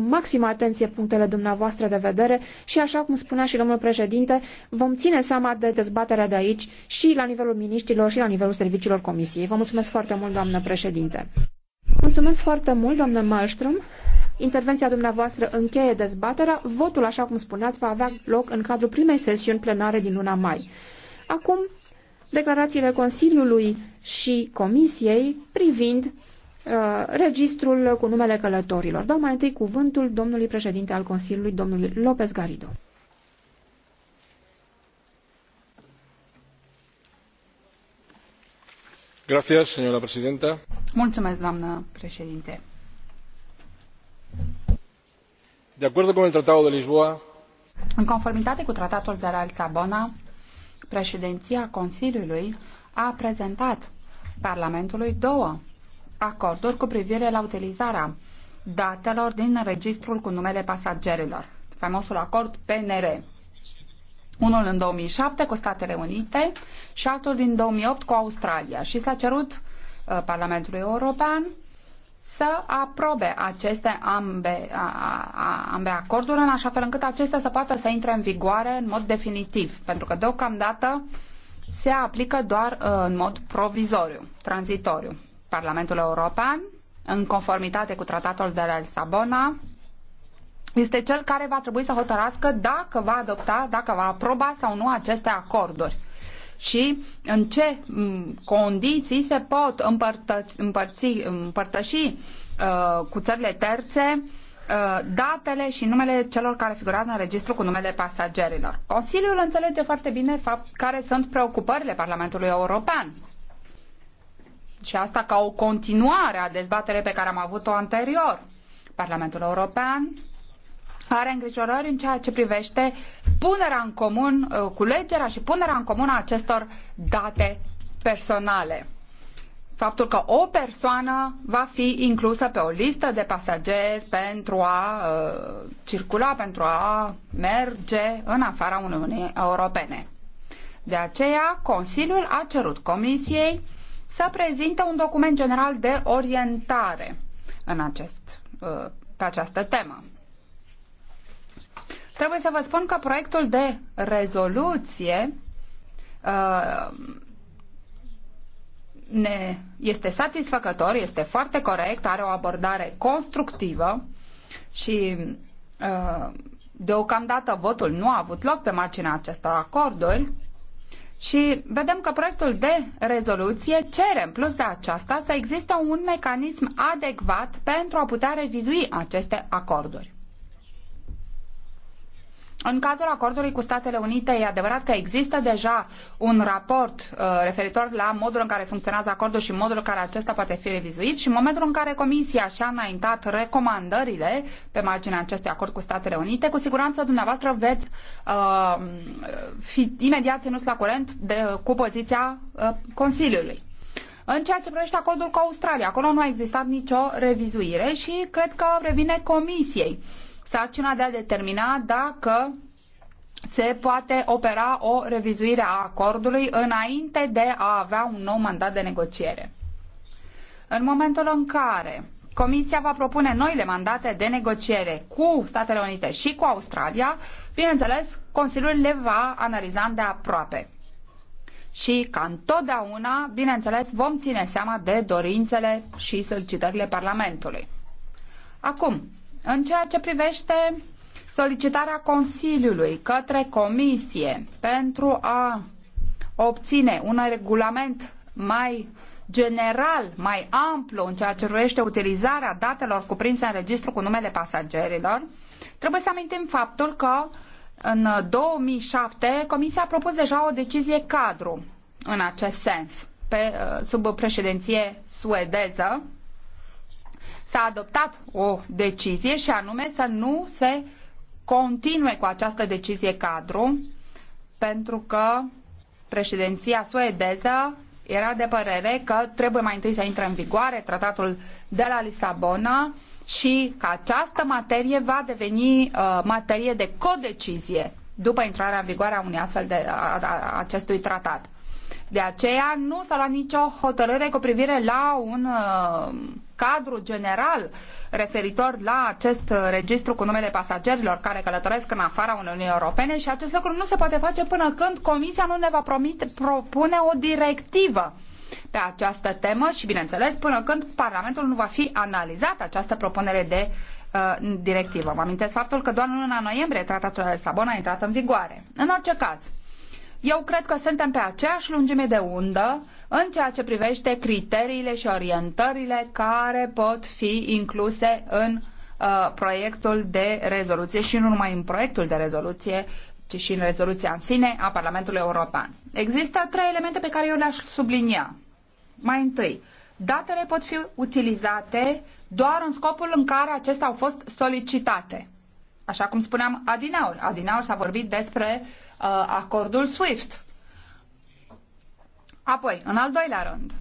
cu maximă atenție punctele dumneavoastră de vedere și, așa cum spunea și domnul președinte, vom ține seama de dezbaterea de aici și la nivelul miniștilor și la nivelul serviciilor comisiei. Vă mulțumesc foarte mult, doamnă președinte. Mulțumesc foarte mult, doamnă Malmström. Intervenția dumneavoastră încheie dezbaterea. Votul, așa cum spuneați, va avea loc în cadrul primei sesiuni plenare din luna mai. Acum, declarațiile Consiliului și Comisiei privind Uh, registrul cu numele călătorilor. Dau mai întâi cuvântul domnului președinte al Consiliului, domnului López Garrido. Gracias, señora presidenta. Mulțumesc, doamnă președinte. De acuerdo con el Tratado de Lisboa, în conformitate cu Tratatul de la Lisabona, președinția Consiliului a prezentat Parlamentului două acorduri cu privire la utilizarea datelor din registrul cu numele pasagerilor, Famosul acord PNR. Unul în 2007 cu Statele Unite și altul din 2008 cu Australia. Și s-a cerut uh, Parlamentului European să aprobe aceste ambe, a, a, ambe acorduri în așa fel încât acestea să poată să intre în vigoare în mod definitiv, pentru că deocamdată se aplică doar uh, în mod provizoriu, tranzitoriu. Parlamentul European, în conformitate cu tratatul de la Lisabona, este cel care va trebui să hotărască dacă va adopta, dacă va aproba sau nu aceste acorduri și în ce condiții se pot împărtă, împărți, împărtăși uh, cu țările terțe uh, datele și numele celor care figurează în registru cu numele pasagerilor. Consiliul înțelege foarte bine fapt care sunt preocupările Parlamentului European și asta ca o continuare a dezbaterei pe care am avut-o anterior. Parlamentul European are îngrijorări în ceea ce privește punerea în comun, uh, culegerea și punerea în comun a acestor date personale. Faptul că o persoană va fi inclusă pe o listă de pasageri pentru a uh, circula, pentru a merge în afara Uniunii Europene. De aceea, Consiliul a cerut Comisiei să prezinte un document general de orientare în acest, uh, pe această temă. Trebuie să vă spun că proiectul de rezoluție uh, ne este satisfăcător, este foarte corect, are o abordare constructivă și uh, deocamdată votul nu a avut loc pe marginea acestor acorduri, și vedem că proiectul de rezoluție cere, în plus de aceasta, să existe un mecanism adecvat pentru a putea revizui aceste acorduri. În cazul acordului cu Statele Unite, e adevărat că există deja un raport uh, referitor la modul în care funcționează acordul și modul în care acesta poate fi revizuit și în momentul în care Comisia și-a înaintat recomandările pe marginea acestui acord cu Statele Unite, cu siguranță dumneavoastră veți uh, fi imediat ținuți la curent de, cu poziția uh, Consiliului. În ceea ce privește acordul cu Australia, acolo nu a existat nicio revizuire și cred că revine Comisiei uh, sarcina de a determina dacă se poate opera o revizuire a acordului înainte de a avea un nou mandat de negociere. În momentul în care Comisia va propune noile mandate de negociere cu Statele Unite și cu Australia, bineînțeles, Consiliul le va analiza de aproape. Și, ca întotdeauna, bineînțeles, vom ține seama de dorințele și solicitările Parlamentului. Acum, în ceea ce privește solicitarea Consiliului către Comisie pentru a obține un regulament mai general, mai amplu în ceea ce privește utilizarea datelor cuprinse în registru cu numele pasagerilor, trebuie să amintim faptul că în 2007 Comisia a propus deja o decizie cadru în acest sens pe, sub președinție suedeză s-a adoptat o decizie și anume să nu se continue cu această decizie cadru pentru că președinția suedeză era de părere că trebuie mai întâi să intre în vigoare tratatul de la Lisabona și că această materie va deveni uh, materie de codecizie după intrarea în vigoare a unui astfel de a, a, acestui tratat. De aceea nu s-a luat nicio hotărâre cu privire la un uh, cadru general referitor la acest registru cu numele pasagerilor care călătoresc în afara Uniunii Europene și acest lucru nu se poate face până când Comisia nu ne va promite, propune o directivă pe această temă și, bineînțeles, până când Parlamentul nu va fi analizat această propunere de uh, directivă. Mă amintesc faptul că doar în luna noiembrie tratatul de Sabon a intrat în vigoare. În orice caz, eu cred că suntem pe aceeași lungime de undă în ceea ce privește criteriile și orientările care pot fi incluse în uh, proiectul de rezoluție și nu numai în proiectul de rezoluție, ci și în rezoluția în sine a Parlamentului European. Există trei elemente pe care eu le-aș sublinia. Mai întâi, datele pot fi utilizate doar în scopul în care acestea au fost solicitate. Așa cum spuneam adinaur. Adinaur s-a vorbit despre uh, Uh, acordul SWIFT. Apoi, în al doilea rând,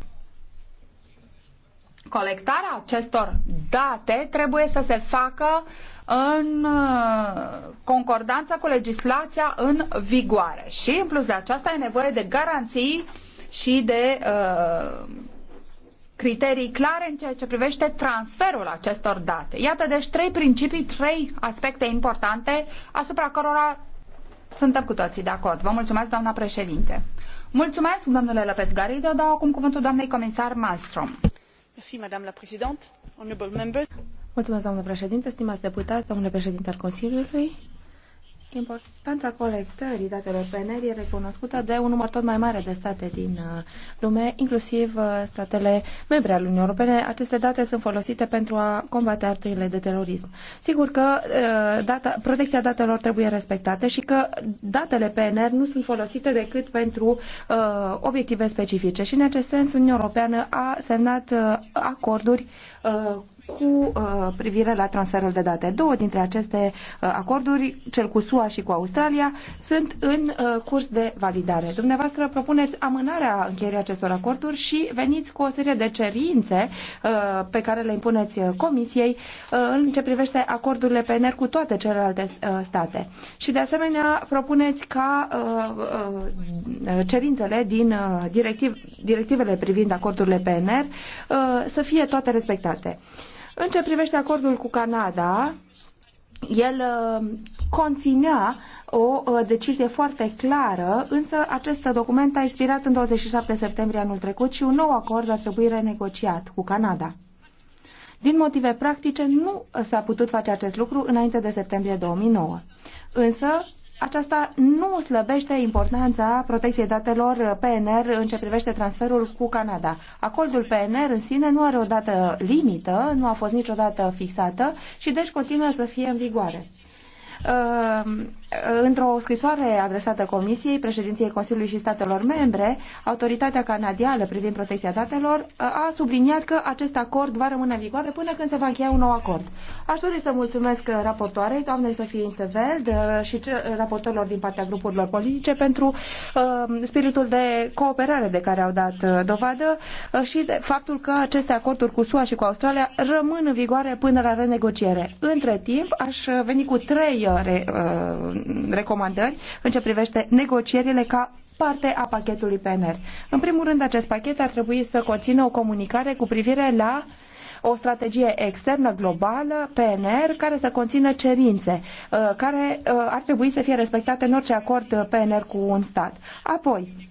colectarea acestor date trebuie să se facă în uh, concordanță cu legislația în vigoare. Și, în plus de aceasta, e nevoie de garanții și de uh, criterii clare în ceea ce privește transferul acestor date. Iată, deci, trei principii, trei aspecte importante asupra cărora suntem cu toții de acord. Vă mulțumesc, doamna președinte. Mulțumesc, domnule López Garrido. Dau acum cuvântul doamnei comisar Malmström. Mulțumesc, doamnă președinte, stimați deputați, domnule președinte al Consiliului. Importanța colectării datelor PNR e recunoscută de un număr tot mai mare de state din uh, lume, inclusiv uh, statele membre ale Uniunii Europene. Aceste date sunt folosite pentru a combate actele de terorism. Sigur că uh, data, protecția datelor trebuie respectată și că datele PNR nu sunt folosite decât pentru uh, obiective specifice. Și în acest sens, Uniunea Europeană a semnat uh, acorduri Uh, cu uh, privire la transferul de date. Două dintre aceste uh, acorduri, cel cu SUA și cu Australia, sunt în curs de validare. Dumneavoastră propuneți amânarea încheierii acestor acorduri și veniți cu o serie de cerințe pe care le impuneți Comisiei în ce privește acordurile PNR cu toate celelalte state. Și de asemenea propuneți ca cerințele din directivele privind acordurile PNR să fie toate respectate securitate. În ce privește acordul cu Canada, el uh, conținea o uh, decizie foarte clară, însă acest document a expirat în 27 septembrie anul trecut și un nou acord ar trebui renegociat cu Canada. Din motive practice, nu s-a putut face acest lucru înainte de septembrie 2009. Însă, aceasta nu slăbește importanța protecției datelor PNR în ce privește transferul cu Canada. Acordul PNR în sine nu are o dată limită, nu a fost niciodată fixată și deci continuă să fie în vigoare. Ehm, Într-o scrisoare adresată Comisiei, președinției Consiliului și statelor membre, autoritatea canadială privind protecția datelor uh, a subliniat că acest acord va rămâne în vigoare până când se va încheia un nou acord. Aș dori să mulțumesc uh, raportoarei, doamnei Sofie Inteveld uh, și raportorilor din partea grupurilor politice pentru spiritul de cooperare de care au dat dovadă și de faptul că aceste acorduri cu SUA și cu Australia rămân în vigoare până la renegociere. Între timp, aș veni cu trei recomandări în ce privește negocierile ca parte a pachetului PNR. În primul rând, acest pachet ar trebui să conțină o comunicare cu privire la o strategie externă globală, PNR, care să conțină cerințe uh, care uh, ar trebui să fie respectate în orice acord uh, PNR cu un stat. Apoi,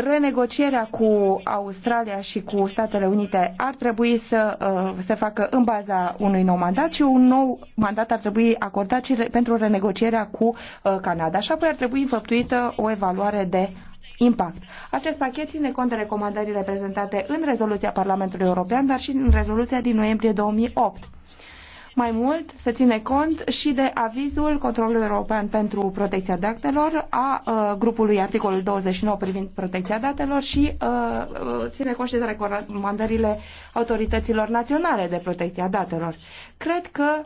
renegocierea cu Australia și cu Statele Unite ar trebui să uh, se facă în baza unui nou mandat și un nou mandat ar trebui acordat și pentru renegocierea cu uh, Canada. Și apoi ar trebui înfăptuită o evaluare de impact. Acest pachet ține cont de recomandările prezentate în rezoluția Parlamentului European, dar și în rezoluția din noiembrie 2008. Mai mult, se ține cont și de avizul Controlului European pentru Protecția Datelor a uh, grupului articolul 29 privind protecția datelor și uh, uh, ține cont și de recomandările autorităților naționale de protecția datelor. Cred că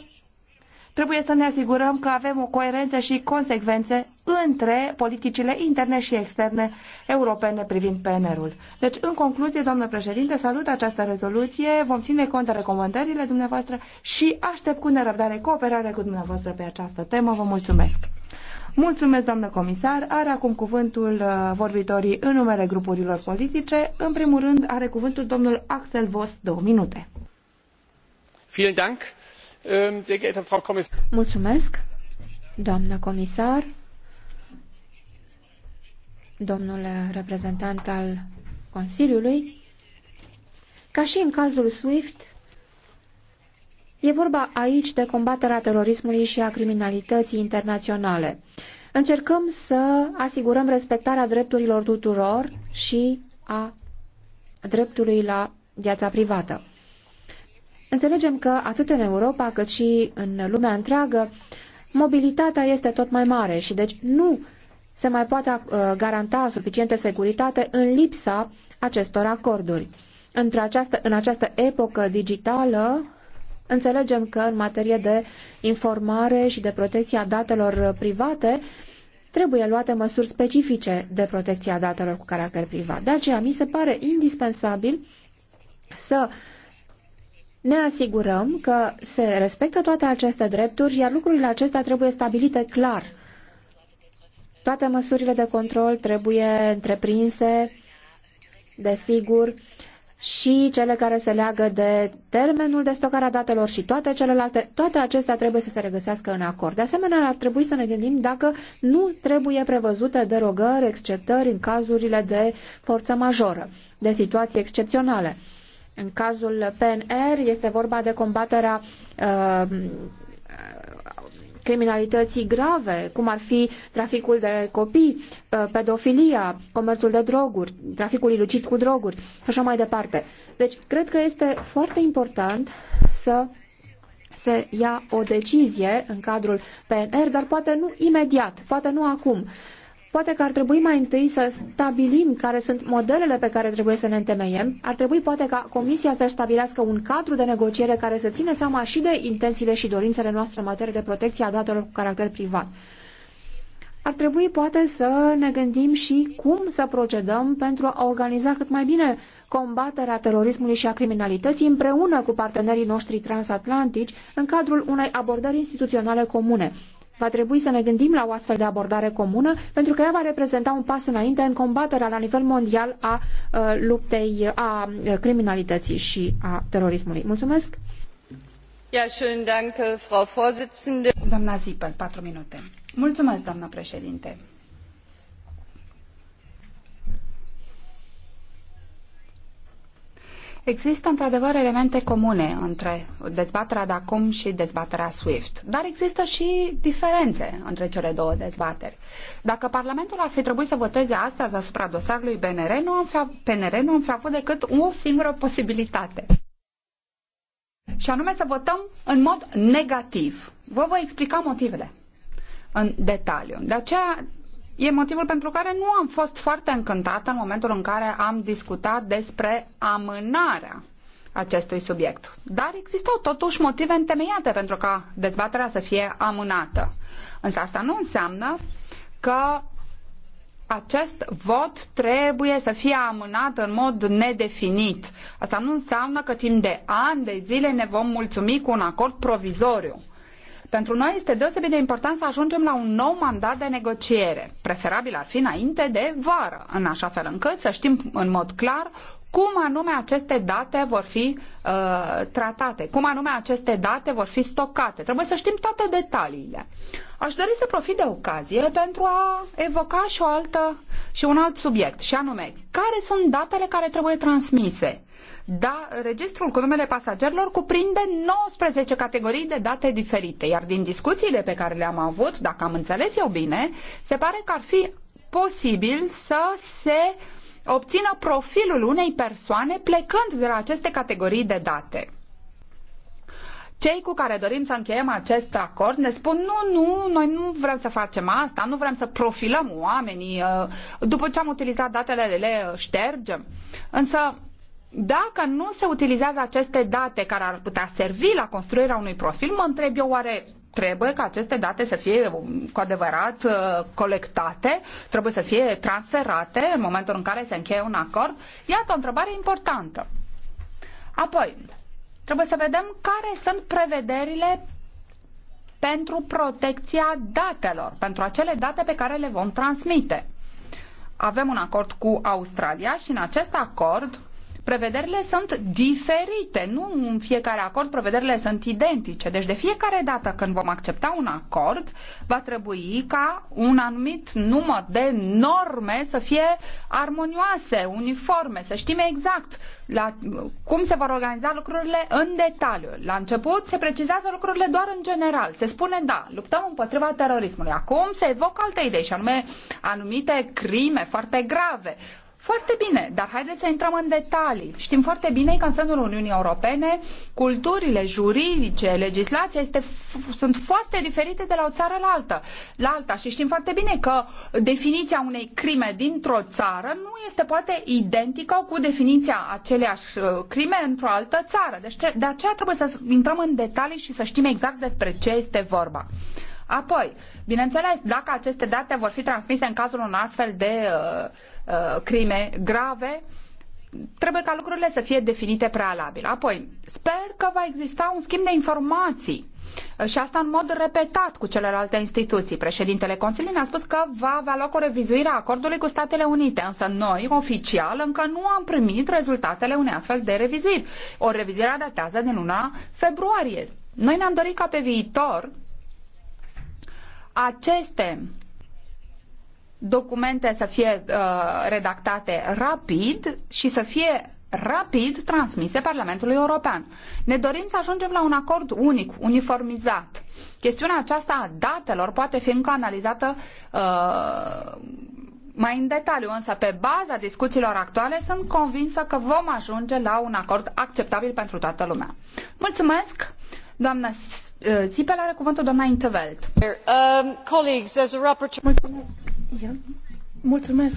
Trebuie să ne asigurăm că avem o coerență și consecvențe între politicile interne și externe europene privind PNR-ul. Deci, în concluzie, doamnă președinte, salut această rezoluție, vom ține cont de recomandările dumneavoastră și aștept cu nerăbdare cooperarea cu dumneavoastră pe această temă. Vă mulțumesc! Mulțumesc, doamnă comisar. Are acum cuvântul uh, vorbitorii în numele grupurilor politice. În primul rând, are cuvântul domnul Axel Voss, două minute. Vielen Dank. Ähm, sehr geehrte Frau Kommissarin. Mulțumesc, doamnă comisar, domnule reprezentant al Consiliului. Ca și în cazul SWIFT, e vorba aici de combaterea terorismului și a criminalității internaționale. Încercăm să asigurăm respectarea drepturilor tuturor și a dreptului la viața privată. Înțelegem că atât în Europa cât și în lumea întreagă, mobilitatea este tot mai mare și deci nu se mai poate uh, garanta suficientă securitate în lipsa acestor acorduri. Între această, în această epocă digitală, înțelegem că în materie de informare și de protecția datelor private, trebuie luate măsuri specifice de protecția datelor cu caracter privat. De aceea, mi se pare indispensabil să uh, ne asigurăm că se respectă toate aceste drepturi, iar lucrurile acestea trebuie stabilite clar. Toate măsurile de control trebuie întreprinse, desigur, și cele care se leagă de termenul de stocare a datelor și toate celelalte, toate acestea trebuie să se regăsească în acord. De asemenea, ar trebui să ne gândim dacă nu trebuie prevăzute derogări, exceptări în cazurile de forță majoră, de situații excepționale. În cazul PNR este vorba de combaterea uh, criminalității grave, cum ar fi traficul de copii, uh, pedofilia, comerțul de droguri, traficul ilicit cu droguri așa mai departe. Deci, cred că este foarte important să se ia o decizie în cadrul PNR, dar poate nu imediat, poate nu acum. Poate că ar trebui mai întâi să stabilim care sunt modelele pe care trebuie să ne întemeiem. Ar trebui poate ca Comisia să stabilească un cadru de negociere care să țină seama și de intențiile și dorințele noastre în materie de protecție a datelor cu caracter privat. Ar trebui poate să ne gândim și cum să procedăm pentru a organiza cât mai bine combaterea terorismului și a criminalității împreună cu partenerii noștri transatlantici în cadrul unei abordări instituționale comune. Va trebui să ne gândim la o astfel de abordare comună, pentru că ea va reprezenta un pas înainte în combaterea la nivel mondial a uh, luptei, a uh, criminalității și a terorismului. Mulțumesc! Ja, schön Dank, Frau Vorsitzende. Doamna Zipel, patru minute. Mulțumesc, doamna președinte. Există într-adevăr elemente comune între dezbaterea de acum și dezbaterea SWIFT, dar există și diferențe între cele două dezbateri. Dacă Parlamentul ar fi trebuit să voteze astăzi asupra dosarului BNR, nu am fi, PNR, nu am fi avut decât o singură posibilitate. Și anume să votăm în mod negativ. Vă voi explica motivele în detaliu. De aceea E motivul pentru care nu am fost foarte încântată în momentul în care am discutat despre amânarea acestui subiect. Dar existau totuși motive întemeiate pentru ca dezbaterea să fie amânată. Însă asta nu înseamnă că acest vot trebuie să fie amânat în mod nedefinit. Asta nu înseamnă că timp de ani de zile ne vom mulțumi cu un acord provizoriu. Pentru noi este deosebit de important să ajungem la un nou mandat de negociere. Preferabil ar fi înainte de vară, în așa fel încât să știm în mod clar cum anume aceste date vor fi uh, tratate, cum anume aceste date vor fi stocate. Trebuie să știm toate detaliile. Aș dori să profit de ocazie pentru a evoca și o altă și un alt subiect, și anume, care sunt datele care trebuie transmise? da, registrul cu numele pasagerilor cuprinde 19 categorii de date diferite, iar din discuțiile pe care le-am avut, dacă am înțeles eu bine, se pare că ar fi posibil să se obțină profilul unei persoane plecând de la aceste categorii de date. Cei cu care dorim să încheiem acest acord ne spun nu, nu, noi nu vrem să facem asta, nu vrem să profilăm oamenii, ă, după ce am utilizat datele le ștergem. Însă dacă nu se utilizează aceste date care ar putea servi la construirea unui profil, mă întreb eu oare trebuie ca aceste date să fie um, cu adevărat uh, colectate, trebuie să fie transferate în momentul în care se încheie un acord? Iată o întrebare importantă. Apoi, trebuie să vedem care sunt prevederile pentru protecția datelor, pentru acele date pe care le vom transmite. Avem un acord cu Australia și în acest acord prevederile sunt diferite. Nu în fiecare acord prevederile sunt identice. Deci de fiecare dată când vom accepta un acord, va trebui ca un anumit număr de norme să fie armonioase, uniforme, să știm exact la, cum se vor organiza lucrurile în detaliu. La început se precizează lucrurile doar în general. Se spune, da, luptăm împotriva terorismului. Acum se evocă alte idei și anume anumite crime foarte grave, foarte bine, dar haideți să intrăm în detalii. Știm foarte bine că în sânul Uniunii Europene culturile juridice, legislația este, sunt foarte diferite de la o țară la alta, la alta și știm foarte bine că definiția unei crime dintr-o țară nu este poate identică cu definiția aceleași uh, crime într-o altă țară. Deci de aceea trebuie să intrăm în detalii și să știm exact despre ce este vorba. Apoi, bineînțeles, dacă aceste date vor fi transmise în cazul unor astfel de uh, uh, crime grave, trebuie ca lucrurile să fie definite prealabil. Apoi, sper că va exista un schimb de informații uh, și asta în mod repetat cu celelalte instituții. Președintele Consiliului ne-a spus că va avea loc o revizuire a acordului cu Statele Unite, însă noi, oficial, încă nu am primit rezultatele unei astfel de revizuiri. O revizuire datează din luna februarie. Noi ne-am dorit ca pe viitor aceste documente să fie uh, redactate rapid și să fie rapid transmise Parlamentului European. Ne dorim să ajungem la un acord unic, uniformizat. Chestiunea aceasta a datelor poate fi încă analizată uh, mai în detaliu, însă pe baza discuțiilor actuale sunt convinsă că vom ajunge la un acord acceptabil pentru toată lumea. Mulțumesc, doamna Sipel uh, are cuvântul doamna Intervelt. Um, mulțumesc. Mulțumesc.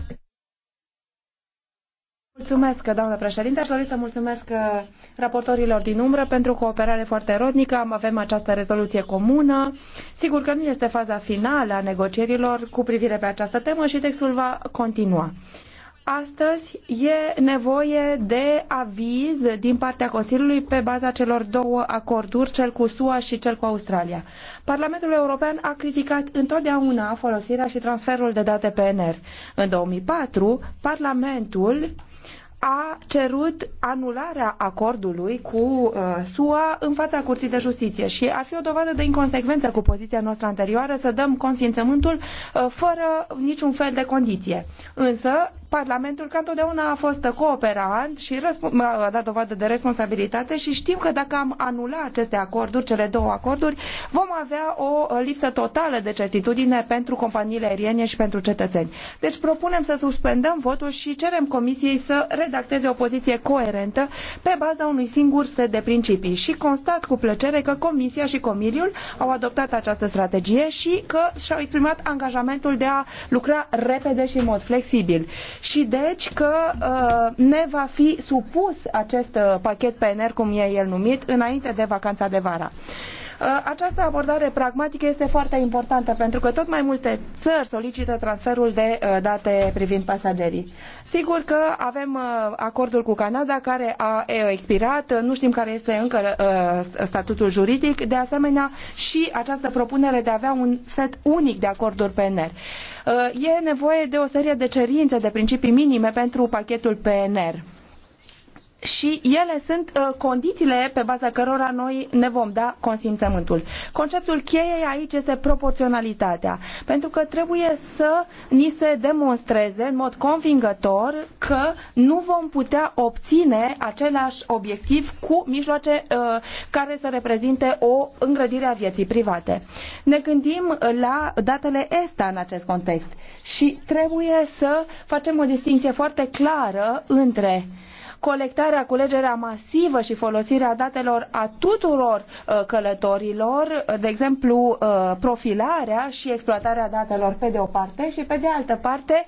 Mulțumesc, doamnă președinte. Aș dori să mulțumesc uh, raportorilor din umbră pentru o cooperare foarte rodnică. Am avem această rezoluție comună. Sigur că nu este faza finală a negocierilor cu privire pe această temă și textul va continua. Astăzi e nevoie de aviz din partea Consiliului pe baza celor două acorduri, cel cu SUA și cel cu Australia. Parlamentul European a criticat întotdeauna folosirea și transferul de date PNR. În 2004, Parlamentul a cerut anularea acordului cu uh, SUA în fața Curții de Justiție și ar fi o dovadă de inconsecvență cu poziția noastră anterioară să dăm consimțământul uh, fără niciun fel de condiție. Însă, Parlamentul, ca întotdeauna, a fost cooperant și a dat dovadă de responsabilitate și știm că dacă am anula aceste acorduri, cele două acorduri, vom avea o lipsă totală de certitudine pentru companiile aeriene și pentru cetățeni. Deci propunem să suspendăm votul și cerem Comisiei să redacteze o poziție coerentă pe baza unui singur set de principii și constat cu plăcere că Comisia și Comiliul au adoptat această strategie și că și-au exprimat angajamentul de a lucra repede și în mod flexibil și deci că uh, ne va fi supus acest uh, pachet PNR, cum e el numit, înainte de vacanța de vara. Ă, această abordare pragmatică este foarte importantă pentru că tot mai multe țări solicită transferul de ă, date privind pasagerii. Sigur că avem ă, acordul cu Canada care a expirat, nu știm care este încă statutul juridic, de asemenea și această propunere de a avea un set unic de acorduri PNR. E nevoie de o serie de cerințe, de principii minime pentru pachetul PNR și ele sunt uh, condițiile pe baza cărora noi ne vom da consimțământul. Conceptul cheie aici este proporționalitatea, pentru că trebuie să ni se demonstreze în mod convingător că nu vom putea obține același obiectiv cu mijloace uh, care să reprezinte o îngrădire a vieții private. Ne gândim la datele ESTA în acest context și trebuie să facem o distinție foarte clară între colectarea, culegerea masivă și folosirea datelor a tuturor uh, călătorilor, uh, de exemplu uh, profilarea și exploatarea datelor pe de o parte și pe de altă parte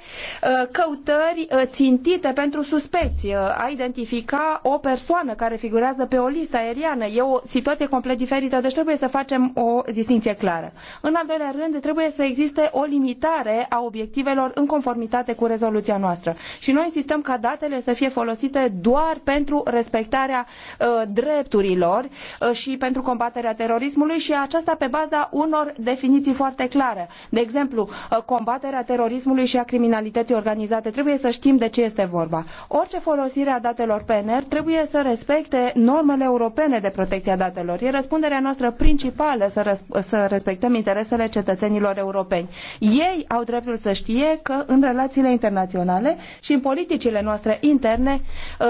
căutări țintite pentru suspecți, a identifica o persoană care figurează pe o listă aeriană. E o situație complet diferită, deci trebuie să facem o distinție clară. În al doilea rând, trebuie să existe o limitare a obiectivelor în conformitate cu rezoluția noastră. Și noi insistăm ca datele să fie folosite doar pentru respectarea uh, drepturilor uh, și pentru combaterea terorismului și aceasta pe baza unor definiții foarte clare. De exemplu, uh, combaterea terorismului și a criminalității organizate. Trebuie să știm de ce este vorba. Orice folosire a datelor PNR trebuie să respecte normele europene de protecție a datelor. E răspunderea noastră principală să, să respectăm interesele cetățenilor europeni. Ei au dreptul să știe că în relațiile internaționale și în politicile noastre interne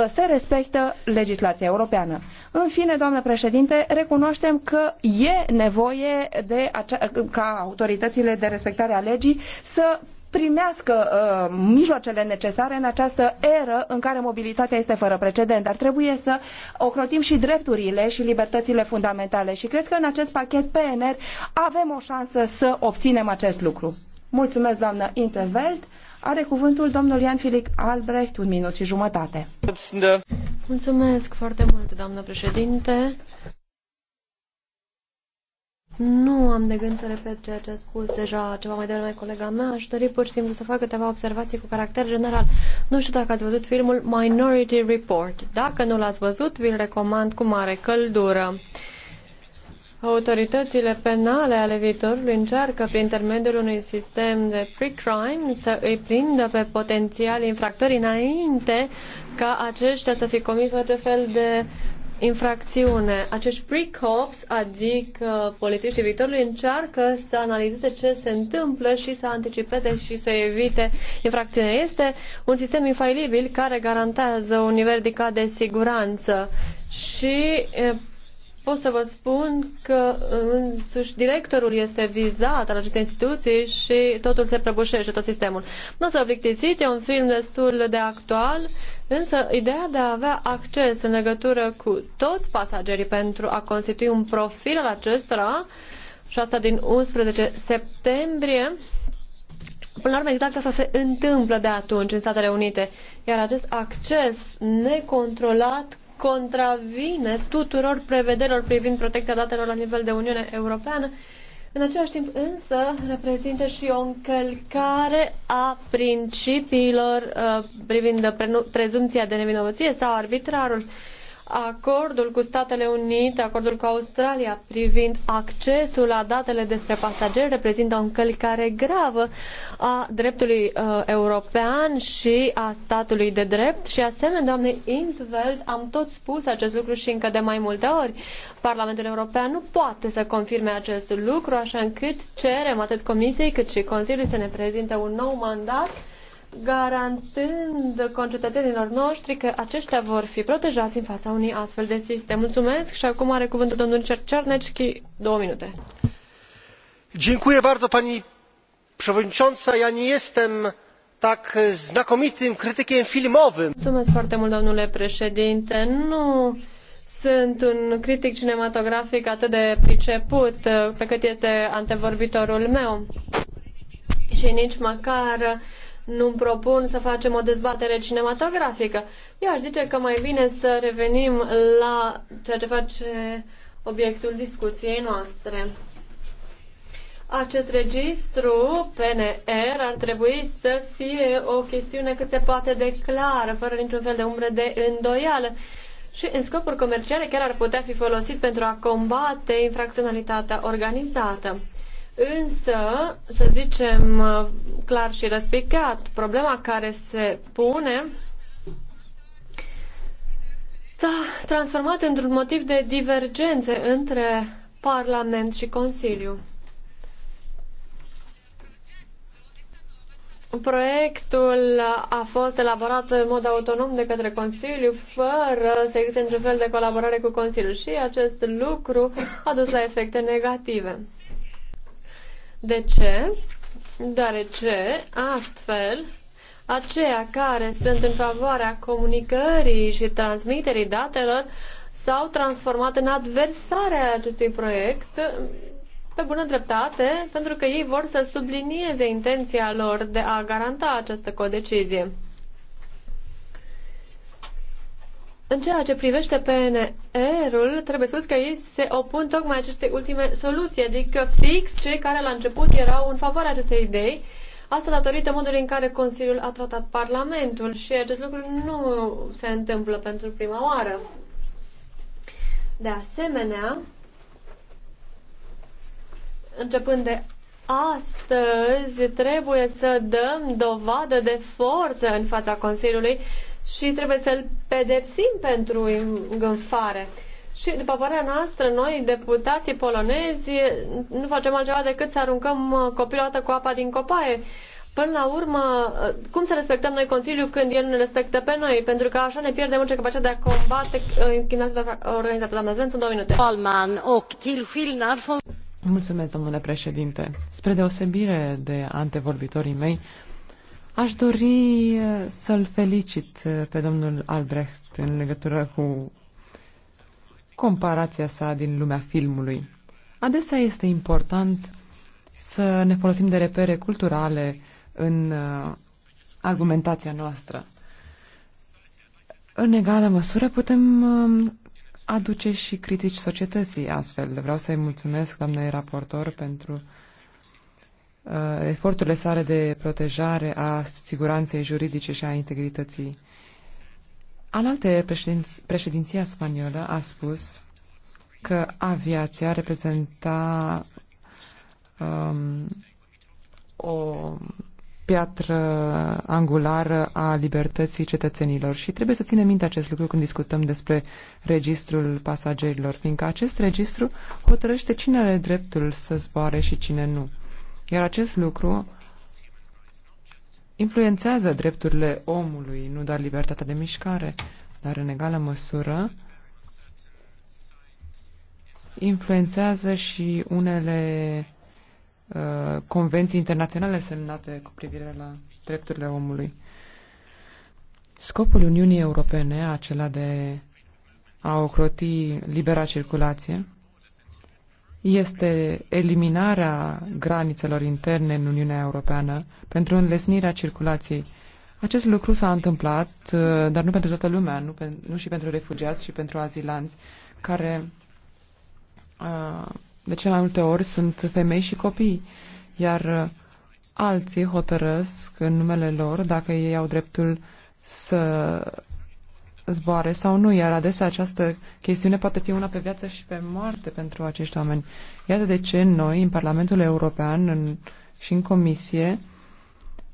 se respectă legislația europeană. În fine, doamnă președinte, recunoaștem că e nevoie de acea, ca autoritățile de respectare a legii să primească uh, mijloacele necesare în această eră în care mobilitatea este fără precedent, dar trebuie să ocrotim și drepturile și libertățile fundamentale și cred că în acest pachet PNR avem o șansă să obținem acest lucru. Mulțumesc, doamnă Intervelt. Are cuvântul domnul Ian Filic Albrecht, un minut și jumătate. Mulțumesc foarte mult, doamnă președinte. Nu am de gând să repet ceea ce a spus deja ceva mai devreme colega mea. Aș dori pur și simplu să fac câteva observații cu caracter general. Nu știu dacă ați văzut filmul Minority Report. Dacă nu l-ați văzut, vi-l recomand cu mare căldură. Uh, autoritățile penale ale viitorului încearcă, prin intermediul unui sistem de pre-crime, să îi prindă pe potențiali infractori înainte ca aceștia să fie comis orice fel de infracțiune. Acești pre-cops, adică polițiștii viitorului, încearcă să analizeze ce se întâmplă și să anticipeze și să evite infracțiune. Este un sistem infailibil care garantează un nivel ridicat de siguranță și pot să vă spun că însuși directorul este vizat al acestei instituții și totul se prăbușește, tot sistemul. Nu să vă plictisiți, e un film destul de actual, însă ideea de a avea acces în legătură cu toți pasagerii pentru a constitui un profil al acestora, și asta din 11 septembrie, Până la urmă, exact asta se întâmplă de atunci în Statele Unite, iar acest acces necontrolat contravine tuturor prevederilor privind protecția datelor la nivel de Uniune Europeană. În același timp însă reprezintă și o încălcare a principiilor uh, privind prezumția de nevinovăție sau arbitrarul. Uh, Acordul cu Statele Unite, acordul cu Australia privind accesul la datele despre pasageri reprezintă o încălcare gravă a dreptului uh, european și a statului de drept și asemenea, doamne Intveld, am tot spus acest lucru și încă de mai multe ori. Parlamentul European nu poate să confirme acest lucru, așa încât cerem atât Comisiei cât și Consiliului să ne prezinte un nou mandat garantând concetățenilor noștri că aceștia vor fi protejați în fața unui astfel de sistem. Mulțumesc și acum are cuvântul domnul Czarnecki, două minute. Dziękuję bardzo pani przewodnicząca. Ja nie jestem tak znakomitym krytykiem filmowym. Mulțumesc foarte mult, domnule președinte. Nu sunt un critic cinematografic atât de priceput pe cât este antevorbitorul meu. Și nici măcar uh, nu-mi propun să facem o dezbatere cinematografică. Eu aș zice că mai bine să revenim la ceea ce face obiectul discuției noastre. Acest registru PNR ar trebui să fie o chestiune cât se poate de clară, fără niciun fel de umbră de îndoială și în scopuri comerciale chiar ar putea fi folosit pentru a combate infracționalitatea organizată. Însă, să zicem clar și răspicat, problema care se pune s-a transformat într-un motiv de divergențe între Parlament și Consiliu. Proiectul a fost elaborat în mod autonom de către Consiliu, fără să existe niciun fel de colaborare cu Consiliul și acest lucru a dus la efecte negative. De ce? Deoarece, astfel, aceia care sunt în favoarea comunicării și transmiterii datelor s-au transformat în adversarea acestui proiect pe bună dreptate, pentru că ei vor să sublinieze intenția lor de a garanta această codecizie. În ceea ce privește PNR-ul, trebuie spus că ei se opun tocmai acestei ultime soluții, adică fix cei care la început erau în favoarea acestei idei, asta datorită modului în care Consiliul a tratat Parlamentul și acest lucru nu se întâmplă pentru prima oară. De asemenea, începând de astăzi, trebuie să dăm dovadă de forță în fața Consiliului și trebuie să-l pedepsim pentru îngânfare. Și, după părerea noastră, noi, deputații polonezi, nu facem altceva decât să aruncăm uh, copilul cu apa din copaie. Până la urmă, uh, cum să respectăm noi Consiliul când el nu ne respectă pe noi? Pentru că așa ne pierdem orice capacitate de a combate uh, criminalitatea organizată. Doamna Svensson, două minute. Palman, Mulțumesc, domnule președinte. Spre deosebire de antevorbitorii mei, Aș dori uh, să-l felicit uh, pe domnul Albrecht în legătură cu comparația sa din lumea filmului. Adesea este important să ne folosim de repere culturale în uh, argumentația noastră. În egală măsură putem um, aduce și critici societății astfel. Vreau să-i mulțumesc, doamnei raportor, pentru Uh, eforturile sale de protejare a siguranței juridice și a integrității. Alaltă președinț- președinția spaniolă a spus că aviația reprezenta um, o piatră angulară a libertății cetățenilor și trebuie să ținem minte acest lucru când discutăm despre registrul pasagerilor, fiindcă acest registru hotărăște cine are dreptul să zboare și cine nu. Iar acest lucru influențează drepturile omului, nu doar libertatea de mișcare, dar în egală măsură influențează și unele uh, convenții internaționale semnate cu privire la drepturile omului. Scopul Uniunii Europene, acela de a ocroti libera circulație, este eliminarea granițelor interne în Uniunea Europeană pentru înlesnirea circulației. Acest lucru s-a întâmplat, uh, dar nu pentru toată lumea, nu, pe, nu și pentru refugiați și pentru azilanți, care uh, de cele mai multe ori sunt femei și copii, iar uh, alții hotărăsc în numele lor dacă ei au dreptul să zboare sau nu, iar adesea această chestiune poate fi una pe viață și pe moarte pentru acești oameni. Iată de ce noi, în Parlamentul European în, și în Comisie,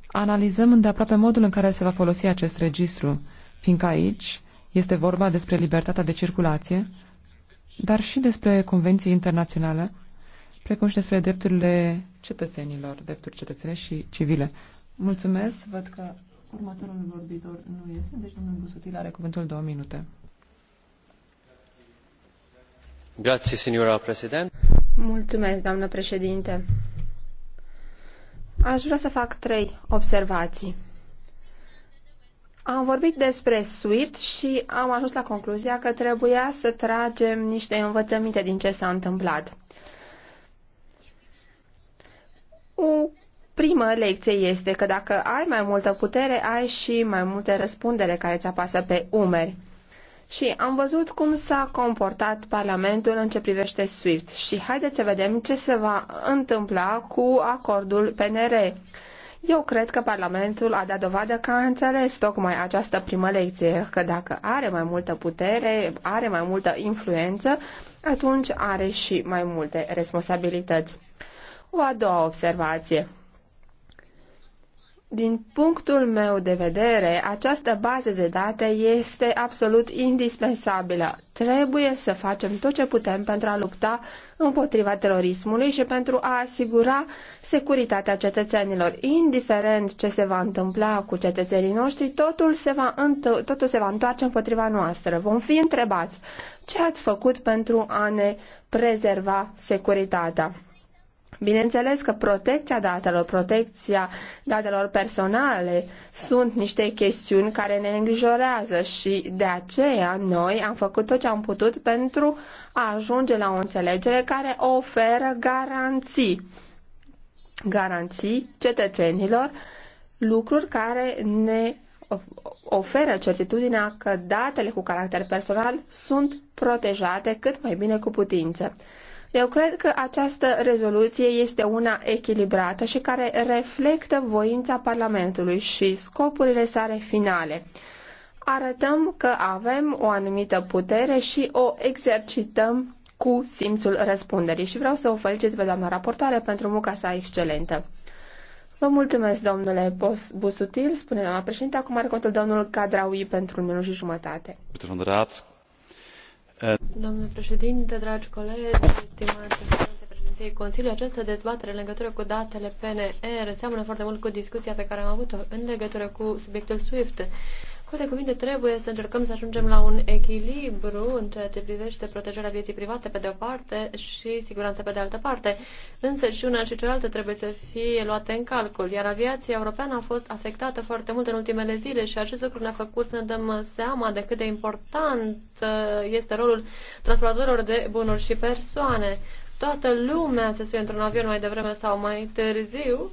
analizăm îndeaproape modul în care se va folosi acest registru, fiindcă aici este vorba despre libertatea de circulație, dar și despre convenții internaționale, precum și despre drepturile cetățenilor, drepturi cetățene și civile. Mulțumesc, văd că Următorul vorbitor nu este, deci domnul Busutil are cuvântul două minute. Grazie, signora President. Mulțumesc, doamnă președinte. Aș vrea să fac trei observații. Am vorbit despre SWIFT și am ajuns la concluzia că trebuia să tragem niște învățăminte din ce s-a întâmplat. Prima lecție este că dacă ai mai multă putere, ai și mai multe răspundere care ți apasă pe umeri. Și am văzut cum s-a comportat Parlamentul în ce privește SWIFT și haideți să vedem ce se va întâmpla cu acordul PNR. Eu cred că Parlamentul a dat dovadă că a înțeles tocmai această primă lecție, că dacă are mai multă putere, are mai multă influență, atunci are și mai multe responsabilități. O a doua observație. Din punctul meu de vedere, această bază de date este absolut indispensabilă. Trebuie să facem tot ce putem pentru a lupta împotriva terorismului și pentru a asigura securitatea cetățenilor. Indiferent ce se va întâmpla cu cetățenii noștri, totul se va, totul se va întoarce împotriva noastră. Vom fi întrebați ce ați făcut pentru a ne prezerva securitatea. Bineînțeles că protecția datelor, protecția datelor personale sunt niște chestiuni care ne îngrijorează și de aceea noi am făcut tot ce am putut pentru a ajunge la o înțelegere care oferă garanții. Garanții cetățenilor, lucruri care ne oferă certitudinea că datele cu caracter personal sunt protejate cât mai bine cu putință. Eu cred că această rezoluție este una echilibrată și care reflectă voința Parlamentului și scopurile sale finale. Arătăm că avem o anumită putere și o exercităm cu simțul răspunderii și vreau să o felicit pe doamna raportoare pentru munca sa excelentă. Vă mulțumesc, domnule Busutil, spune doamna președinte. Acum are contul domnul Cadraui pentru un minut și jumătate. Domnule președinte, dragi colegi, stimați președinte președinției Consiliului, această dezbatere în legătură cu datele PNR seamănă foarte mult cu discuția pe care am avut-o în legătură cu subiectul SWIFT. Cu alte cuvinte, trebuie să încercăm să ajungem la un echilibru în ceea ce privește protejarea vieții private pe de-o parte și siguranța pe de altă parte. Însă și una și cealaltă trebuie să fie luate în calcul, iar aviația europeană a fost afectată foarte mult în ultimele zile și acest lucru ne-a făcut să ne dăm seama de cât de important uh, este rolul transportatorilor de bunuri și persoane. Toată lumea se suie într-un avion mai devreme sau mai târziu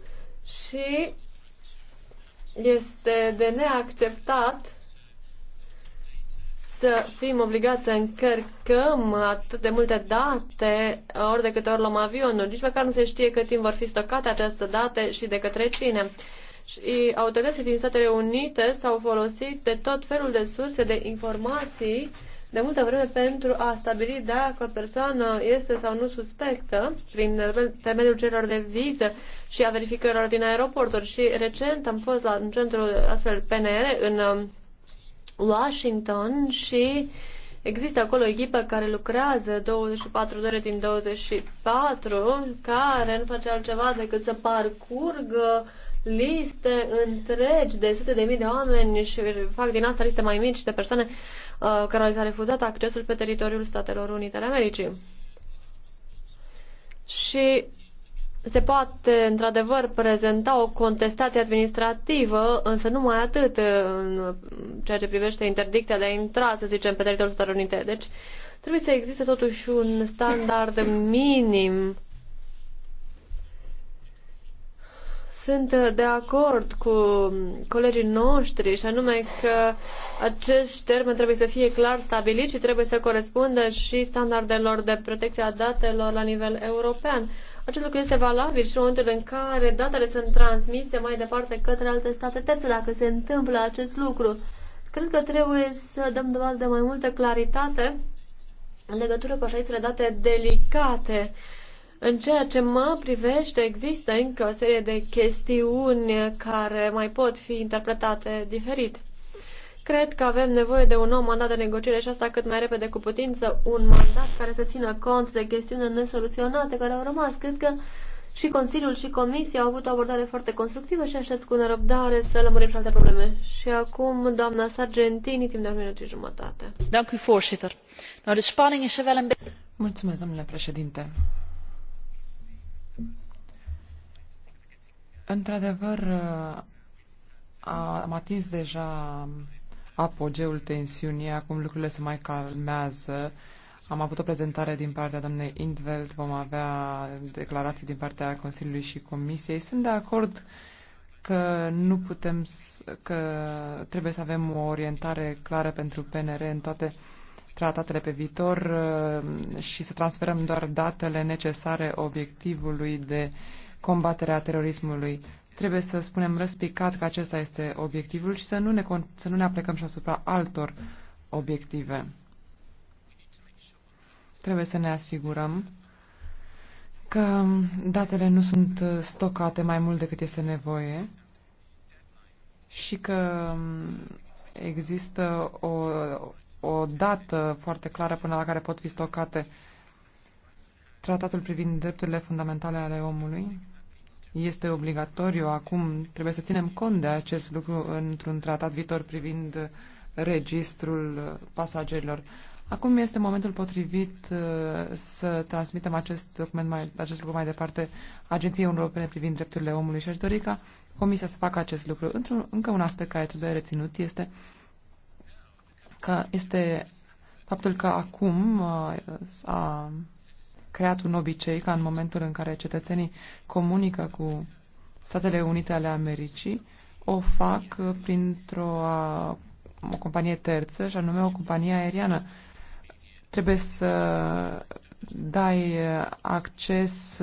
și este de neacceptat să fim obligați să încărcăm atât de multe date ori de câte ori luăm avionul. Nici măcar nu se știe cât timp vor fi stocate aceste date și de către cine. Și autoritățile din Statele Unite s-au folosit de tot felul de surse de informații de multă vreme pentru a stabili dacă o persoană este sau nu suspectă prin intermediul cererilor de viză și a verificărilor din aeroporturi. Și recent am fost la un centru astfel PNR în um, Washington și există acolo o echipă care lucrează 24 de ore din 24 care nu face altceva decât să parcurgă liste întregi de sute de mii de oameni și fac din asta liste mai mici de persoane Uh, care s-a refuzat accesul pe teritoriul Statelor Unite ale Americii. Și se poate, într-adevăr, prezenta o contestație administrativă, însă numai atât uh, în ceea ce privește interdicția de a intra, să zicem, pe teritoriul Statelor Unite. Deci, trebuie să existe totuși un standard minim Sunt uh, de acord cu colegii noștri și anume că acest termen trebuie să fie clar stabilit și trebuie să corespundă și standardelor de protecție a datelor la nivel european. Acest lucru este valabil și în momentul în care datele sunt transmise mai departe către alte state terțe, dacă se întâmplă acest lucru. Cred că trebuie să dăm dovadă de mai multă claritate în legătură cu așa date delicate în ceea ce mă privește, există încă o serie de chestiuni care mai pot fi interpretate diferit. Cred că avem nevoie de un nou mandat de negociere și asta cât mai repede cu putință, un mandat care să țină cont de chestiuni nesoluționate care au rămas. Cred că și Consiliul și Comisia au avut o abordare foarte constructivă și aștept cu nerăbdare să lămurim și alte probleme. Și acum, doamna Sargentini, timp de o minut și jumătate. Er Mulțumesc, domnule președinte. Într-adevăr, am atins deja apogeul tensiunii, acum lucrurile se mai calmează. Am avut o prezentare din partea doamnei Indveld, vom avea declarații din partea Consiliului și Comisiei. Sunt de acord că nu putem, că trebuie să avem o orientare clară pentru PNR în toate tratatele pe viitor uh, și să transferăm doar datele necesare obiectivului de uh, combaterea terorismului. Trebuie să spunem răspicat că acesta este obiectivul și să nu ne, să nu ne aplecăm și asupra altor obiective. Trebuie să ne asigurăm că datele nu sunt stocate mai mult decât este nevoie și că există o, o dată foarte clară până la care pot fi stocate tratatul privind drepturile fundamentale ale omului este obligatoriu acum, trebuie să ținem cont de acest lucru într-un tratat viitor privind registrul pasagerilor. Acum este momentul potrivit uh, să transmitem acest, document mai, acest lucru mai departe Agenției Europene privind drepturile omului și aș dori ca Comisia să facă acest lucru. într -un, încă un aspect care trebuie reținut este că este faptul că acum uh, a creat un obicei ca în momentul în care cetățenii comunică cu Statele Unite ale Americii, o fac uh, printr-o uh, o companie terță, și anume o companie aeriană. Trebuie să dai uh, acces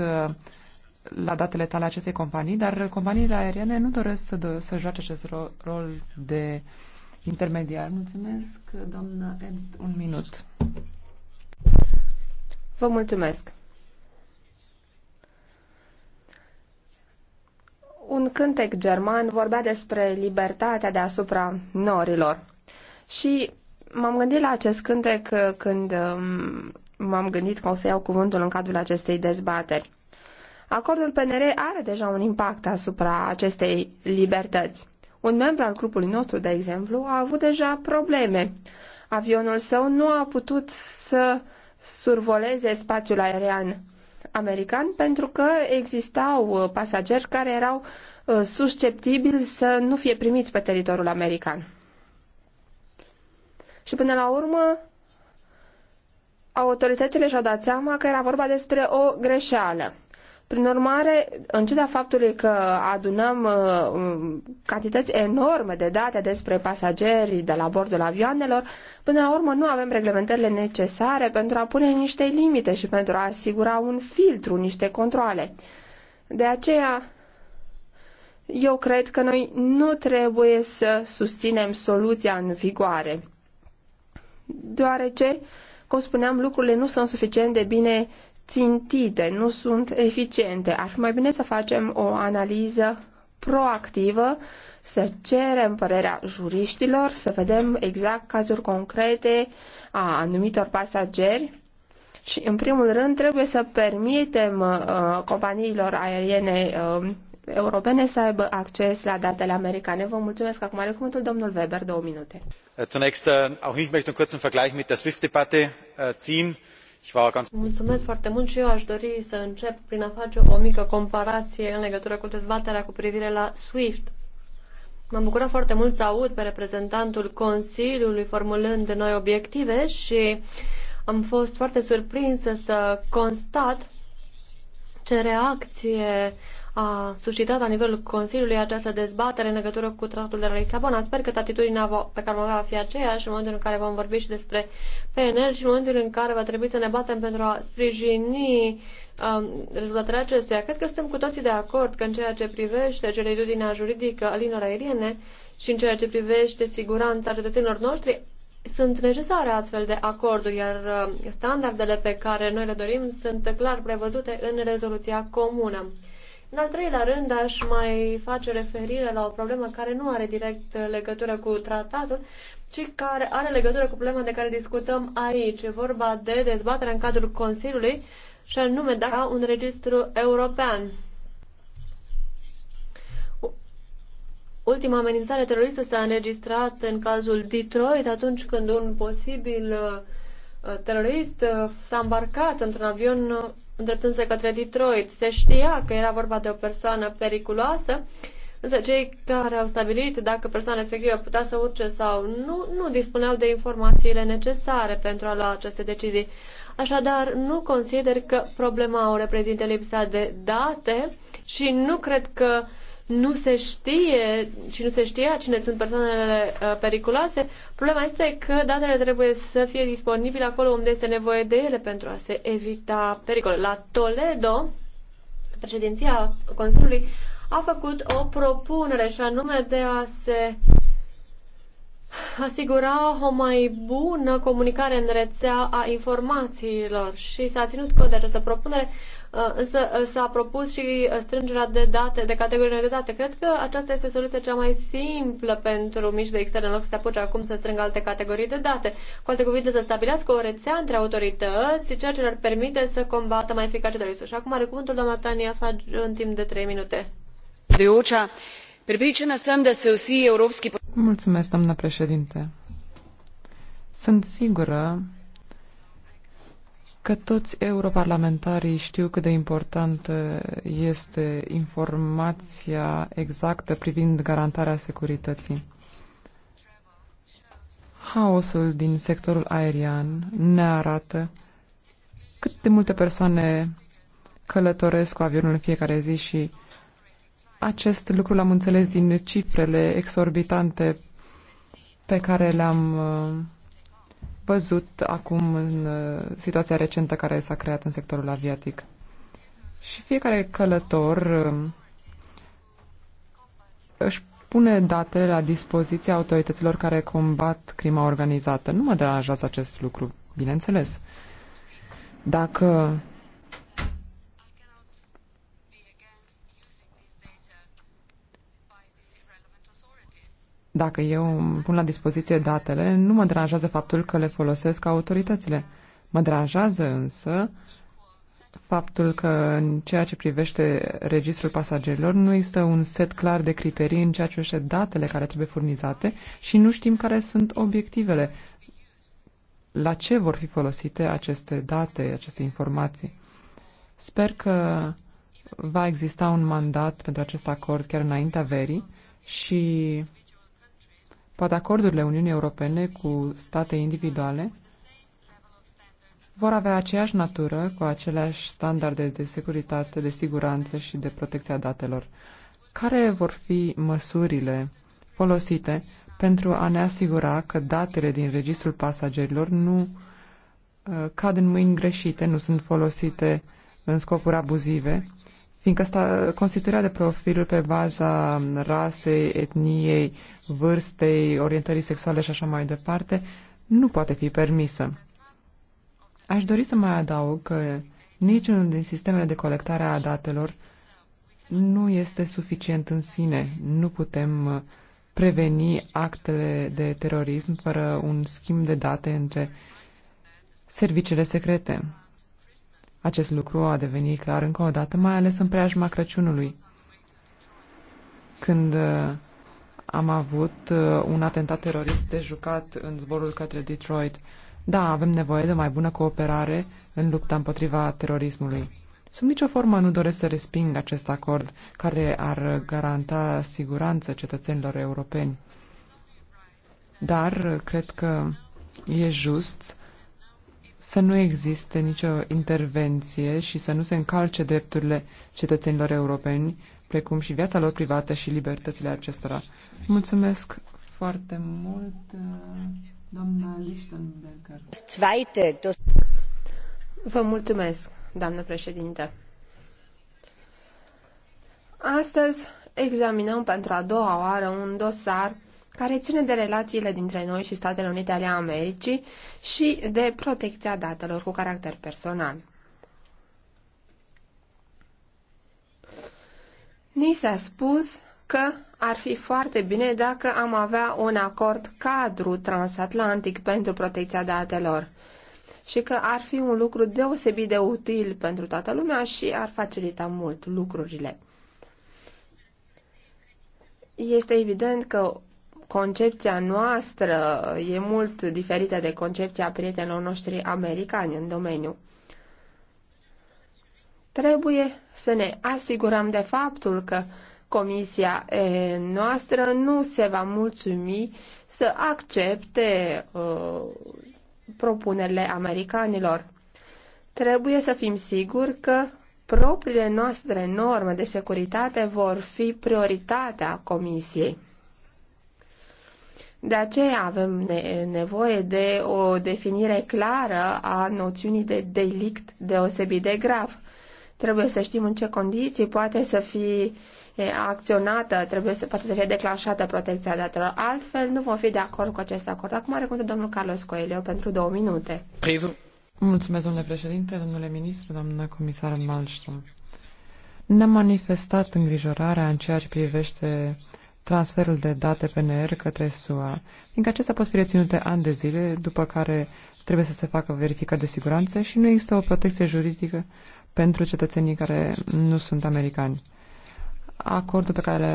la datele tale acestei companii, dar companiile aeriene nu doresc să, do- să joace acest ro- rol de intermediar. Mulțumesc, doamna Ernst, un minut. Vă mulțumesc! Un cântec german vorbea despre libertatea deasupra norilor. Și m-am gândit la acest cântec uh, când um, m-am gândit că o să iau cuvântul în cadrul acestei dezbateri. Acordul PNR are deja un impact asupra acestei libertăți. Un membru al grupului nostru, de exemplu, a avut deja probleme. Avionul său nu a putut să survoleze spațiul aerian american pentru că existau uh, pasageri care erau uh, susceptibili să nu fie primiți pe teritoriul american. Și până la urmă, autoritățile și-au dat seama că era vorba despre o greșeală. Prin urmare, în ciuda faptului că adunăm uh, cantități enorme de date despre pasagerii de la bordul avioanelor, până la urmă nu avem reglementările necesare pentru a pune niște limite și pentru a asigura un filtru, niște controle. De aceea, eu cred că noi nu trebuie să susținem soluția în vigoare, deoarece, cum spuneam, lucrurile nu sunt suficient de bine țintite, nu sunt eficiente. Ar fi mai bine să facem o analiză proactivă, să cerem părerea juriștilor, să vedem exact cazuri concrete a anumitor pasageri și, în primul rând, trebuie să permitem uh, companiilor aeriene uh, europene să aibă acces la datele americane. Vă mulțumesc. Acum are cuvântul domnul Weber, două minute. Zunächst, äh, auch ich möchte einen kurzen Vergleich mit der SWIFT-Debatte äh, ziehen Mulțumesc foarte mult și eu aș dori să încep prin a face o mică comparație în legătură cu dezbaterea cu privire la SWIFT. M-am bucurat foarte mult să aud pe reprezentantul Consiliului formulând noi obiective și am fost foarte surprinsă să constat ce reacție a suscitat la nivelul Consiliului această dezbatere în legătură cu tratatul de la Lisabona. Sper că atitudinea pe care o avea va fi aceeași în momentul în care vom vorbi și despre PNL și în momentul în care va trebui să ne batem pentru a sprijini um, rezultatele acestuia. Cred că suntem cu toții de acord că în ceea ce privește celeitudinea juridică a linilor aeriene și în ceea ce privește siguranța cetățenilor noștri, sunt necesare astfel de acorduri, iar uh, standardele pe care noi le dorim sunt clar prevăzute în rezoluția comună. În al treilea rând, aș mai face referire la o problemă care nu are direct uh, legătură cu tratatul, ci care are legătură cu problema de care discutăm aici. E vorba de dezbaterea în cadrul Consiliului și anume dacă un registru european. Ultima amenințare teroristă s-a înregistrat în cazul Detroit, atunci când un posibil uh, terorist uh, s-a îmbarcat într-un avion uh, îndreptându-se către Detroit. Se știa că era vorba de o persoană periculoasă, însă cei care au stabilit dacă persoana respectivă putea să urce sau nu, nu dispuneau de informațiile necesare pentru a lua aceste decizii. Așadar, nu consider că problema o reprezintă lipsa de date și nu cred că uh, nu se știe și nu se știa cine sunt persoanele uh, periculoase, problema este că datele trebuie să fie disponibile acolo unde este nevoie de ele pentru a se evita pericole. La Toledo, președinția Consiliului a făcut o propunere și anume de a se uh, asigura o mai bună comunicare în rețea a informațiilor și s-a ținut cont de această propunere, uh, însă uh, s-a propus și uh, strângerea de date, de categorii de date. Cred că aceasta este soluția cea mai simplă pentru mici de externe, în loc să se apuce acum să strângă alte categorii de date. Cu alte cuvinte, să stabilească o rețea între autorități, ceea ce le permite să combată mai eficace terorismul. Și acum are cuvântul doamna Tania Fag în timp de 3 minute. Diucea. Da Mulțumesc, doamnă președinte. Sunt sigură că toți europarlamentarii știu cât de importantă este informația exactă privind garantarea securității. Haosul din sectorul aerian ne arată cât de multe persoane călătoresc cu avionul în fiecare zi și acest lucru l-am înțeles din cifrele exorbitante pe care le-am uh, văzut acum în uh, situația recentă care s-a creat în sectorul aviatic. Și fiecare călător uh, își pune datele la dispoziția autorităților care combat crima organizată. Nu mă deranjează acest lucru, bineînțeles. Dacă Dacă eu îmi pun la dispoziție datele, nu mă deranjează faptul că le folosesc autoritățile. Mă deranjează însă faptul că în ceea ce privește registrul pasagerilor nu există un set clar de criterii în ceea ce privește datele care trebuie furnizate și nu știm care sunt obiectivele. La ce vor fi folosite aceste date, aceste informații? Sper că va exista un mandat pentru acest acord chiar înaintea verii și poate acordurile Uniunii Europene cu state individuale vor avea aceeași natură, cu aceleași standarde de securitate, de siguranță și de protecția datelor. Care vor fi măsurile folosite pentru a ne asigura că datele din registrul pasagerilor nu uh, cad în mâini greșite, nu sunt folosite în scopuri abuzive fiindcă sta, constituirea de profiluri pe baza rasei, etniei, vârstei, orientării sexuale și așa mai departe, nu poate fi permisă. Aș dori să mai adaug că niciunul din sistemele de colectare a datelor nu este suficient în sine. Nu putem uh, preveni actele de terorism fără un schimb de date între serviciile secrete. Acest lucru a devenit clar încă o dată, mai ales în preajma Crăciunului, când uh, am avut uh, un atentat terorist de jucat în zborul către Detroit. Da, avem nevoie de mai bună cooperare în lupta împotriva terorismului. Sub nicio formă nu doresc să resping acest acord care ar garanta siguranță cetățenilor europeni. Dar uh, cred că e just să nu existe nicio intervenție și să nu se încalce drepturile cetățenilor europeni, precum și viața lor privată și libertățile acestora. Mulțumesc foarte mult, doamna Lichtenberger. Vă mulțumesc, doamnă președinte. Astăzi examinăm pentru a doua oară un dosar care ține de relațiile dintre noi și Statele Unite ale Americii și de protecția datelor cu caracter personal. Ni s-a spus că ar fi foarte bine dacă am avea un acord cadru transatlantic pentru protecția datelor și că ar fi un lucru deosebit de util pentru toată lumea și ar facilita mult lucrurile. Este evident că concepția noastră e mult diferită de concepția prietenilor noștri americani în domeniu. Trebuie să ne asigurăm de faptul că comisia noastră nu se va mulțumi să accepte uh, propunerile americanilor. Trebuie să fim siguri că propriile noastre norme de securitate vor fi prioritatea comisiei. De aceea avem nevoie de o definire clară a noțiunii de delict deosebit de grav. Trebuie să știm în ce condiții poate să fie acționată, trebuie să, poate să fie declanșată protecția datelor. Altfel, nu vom fi de acord cu acest acord. Acum are cuvântul domnul Carlos Coelho pentru două minute. Prizu. Mulțumesc, domnule președinte, domnule ministru, doamnă comisară Malmström. Ne-am manifestat îngrijorarea în ceea ce privește transferul de date PNR către SUA, fiindcă acestea pot fi reținute ani de zile, după care trebuie să se facă verificări de siguranță și nu există o protecție juridică pentru cetățenii care nu sunt americani. Acordul pe care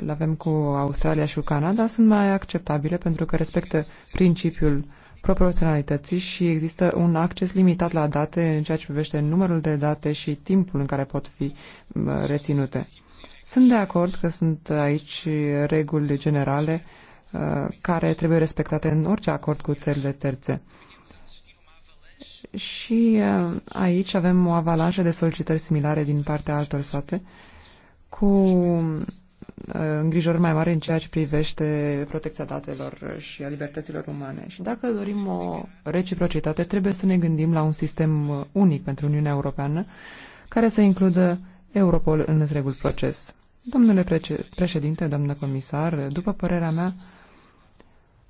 îl avem cu Australia și cu Canada sunt mai acceptabile pentru că respectă principiul proporționalității și există un acces limitat la date în ceea ce privește numărul de date și timpul în care pot fi uh, reținute. Sunt de acord că sunt aici reguli generale uh, care trebuie respectate în orice acord cu țările terțe. Și uh, aici avem o avalanșă de solicitări similare din partea altor state cu uh, îngrijorări mai mari în ceea ce privește protecția datelor și a libertăților umane. Și dacă dorim o reciprocitate, trebuie să ne gândim la un sistem unic pentru Uniunea Europeană care să includă Europol în întregul proces. Domnule președinte, domnule comisar, după părerea mea,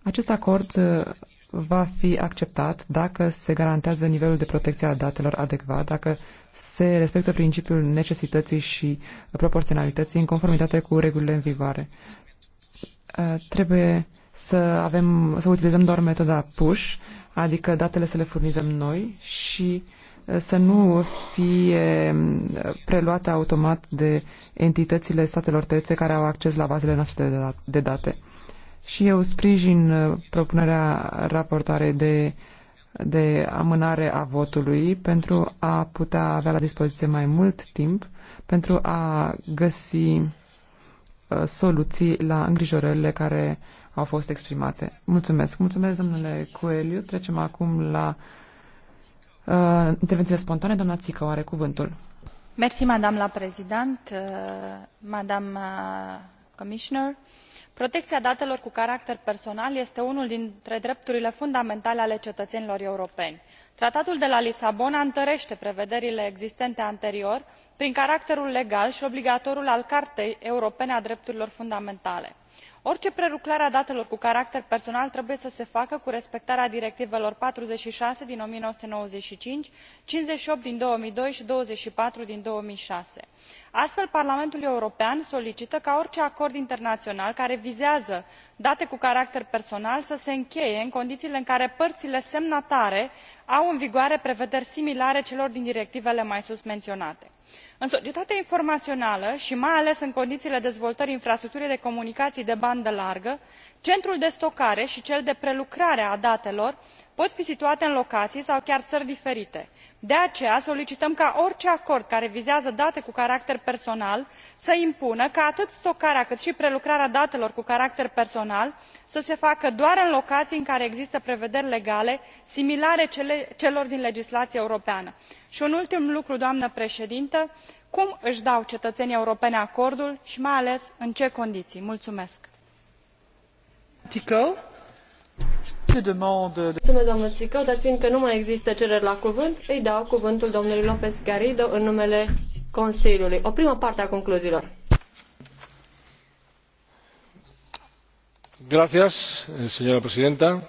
acest acord uh, va fi acceptat dacă se garantează nivelul de protecție a datelor adecvat, dacă se respectă principiul necesității și proporționalității în conformitate cu regulile în vigoare. Uh, trebuie să, avem, să utilizăm doar metoda push, adică datele să le furnizăm noi și uh, să nu fie uh, preluate automat de entitățile statelor terțe care au acces la bazele noastre de da-, date. Și eu sprijin uh, propunerea raportoare de, de amânare a votului pentru a putea avea la dispoziție mai mult timp pentru a găsi uh, soluții la îngrijorările care au fost exprimate. Mulțumesc. Mulțumesc, domnule Coeliu. Trecem acum la Uh, intervențiile spontane, doamna Țică, are cuvântul. Mersi, madame la prezident, uh, madame uh, commissioner. Protecția datelor cu caracter personal este unul dintre drepturile fundamentale ale cetățenilor europeni. Tratatul de la Lisabona întărește prevederile existente anterior prin caracterul legal și obligatoriu al Cartei Europene a Drepturilor Fundamentale orice prelucrare a datelor cu caracter personal trebuie să se facă cu respectarea directivelor patruzeci și șase o mie nouă sute nouăzeci și cinci cincizeci și opt două mii doi i douăzeci și patru două mii șase astfel parlamentul european solicită ca orice acord internaional care vizează date cu caracter personal să se încheie în condiiile în care pările semnatare au în vigoare prevederi similare celor din directivele mai sus menionate în societatea informaională i mai ales în condiiile dezvoltării infrastructurii de comunicaii de bandă largă centrul de stocare i cel de prelucrare a datelor pot fi situate în locaii sau chiar ări diferite. de aceea solicităm ca orice acord care vizează date cu caracter personal să impună ca atât stocarea cât i prelucrarea datelor cu caracter personal să se facă doar în locaii în care există prevederi legale similare celor din legislaia europeană. i un ultim lucru doamnă preedintă cum îi dau cetăenii europeni acordul i mai ales în ce condiii? mulumesc. doamnă icău dar fiindcă nu mai există cereri la cuvânt îi dau cuvântul domnului lópez garrido în numele consiliului. o primă parte a concluziilor. señora presidenta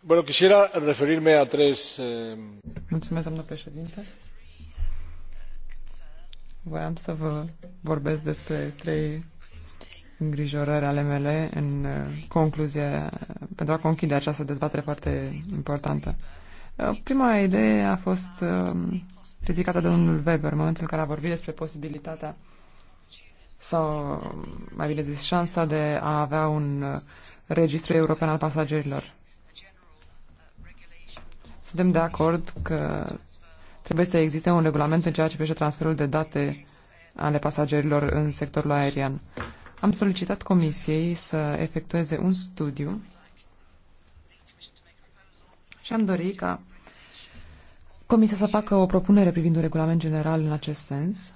bueno, quisiera referirme a tres. Eh, Mulțumesc, doamnă președinte voiam să vă vorbesc despre trei îngrijorări ale mele în uh, concluzie, pentru a conchide această dezbatere foarte importantă. Uh, prima idee a fost um, ridicată de domnul Weber în momentul în care a vorbit despre posibilitatea sau, mai bine zis, șansa de a avea un uh, registru european al pasagerilor. Suntem de acord că Trebuie să existe un regulament în ceea ce privește transferul de date ale pasagerilor în sectorul aerian. Am solicitat comisiei să efectueze un studiu și am dorit ca comisia să facă o propunere privind un regulament general în acest sens.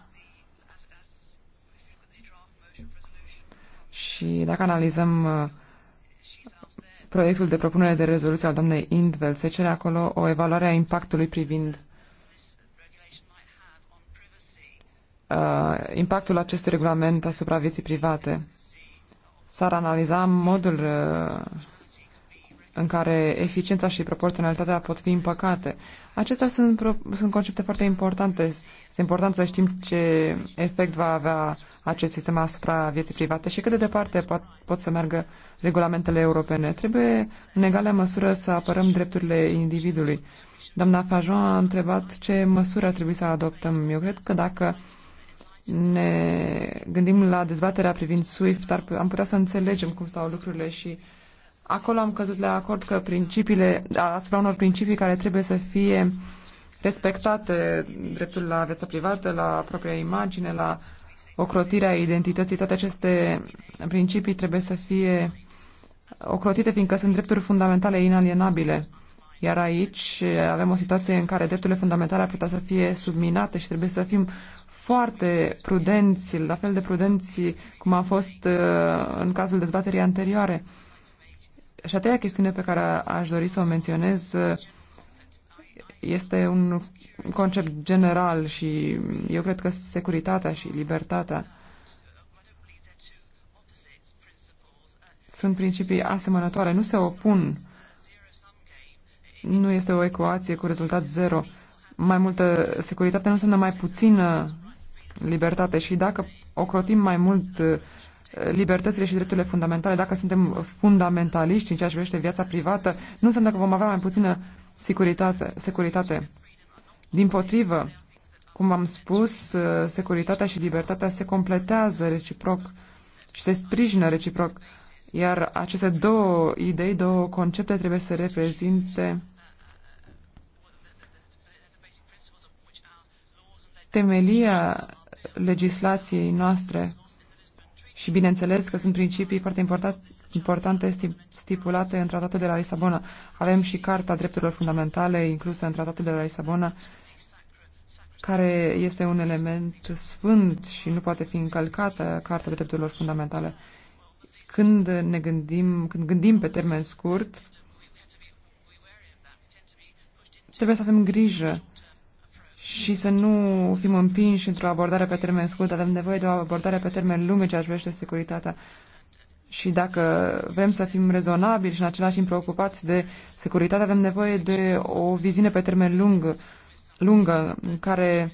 Și dacă analizăm uh, proiectul de propunere de rezoluție al doamnei Indvel, se cere acolo o evaluare a impactului privind uh, impactul acestui regulament asupra vieții private. S-ar analiza modul uh, în care eficiența și proporționalitatea pot fi împăcate. Acestea sunt, sunt concepte foarte importante. Este important să știm ce efect va avea acest sistem asupra vieții private și cât de departe pot, pot să meargă regulamentele europene. Trebuie în egală măsură să apărăm drepturile individului. Doamna Fajon a întrebat ce măsuri ar trebui să adoptăm. Eu cred că dacă uh, ne gândim la dezbaterea privind SWIFT, dar am putea să înțelegem cum stau lucrurile și acolo am căzut la acord că principiile, asupra unor principii care trebuie să fie respectate, dreptul la viața privată, la propria imagine, la ocrotirea identității, toate aceste principii trebuie să fie ocrotite, fiindcă sunt drepturi fundamentale inalienabile. Iar aici avem o situație în care drepturile fundamentale ar putea să fie subminate și trebuie să fim foarte prudenți, la fel de prudenți cum a fost uh, în cazul dezbaterii anterioare. Și a treia chestiune pe care aș dori să o menționez uh, este un concept general și eu cred că securitatea și libertatea sunt principii asemănătoare, nu se opun. Nu este o ecuație cu rezultat zero. Mai multă securitate nu înseamnă mai puțină libertate și dacă ocrotim mai mult uh, libertățile și drepturile fundamentale, dacă suntem fundamentaliști în ceea ce privește viața privată, nu înseamnă că vom avea mai puțină securitate. securitate. Din potrivă, cum am spus, uh, securitatea și libertatea se completează reciproc și se sprijină reciproc. Iar aceste două idei, două concepte trebuie să reprezinte temelia legislației noastre și bineînțeles că sunt principii foarte importante stipulate în tratatul de la Lisabona. Avem și Carta Drepturilor Fundamentale inclusă în tratatul de la Lisabona, care este un element sfânt și nu poate fi încălcată Carta Drepturilor Fundamentale. Când ne gândim, când gândim pe termen scurt, trebuie să avem grijă și să nu fim împinși într-o abordare pe termen scurt. Avem nevoie de o abordare pe termen lung ce privește securitatea. Și dacă vrem să fim rezonabili și în același timp preocupați de securitate, avem nevoie de o viziune pe termen lung, lungă, în care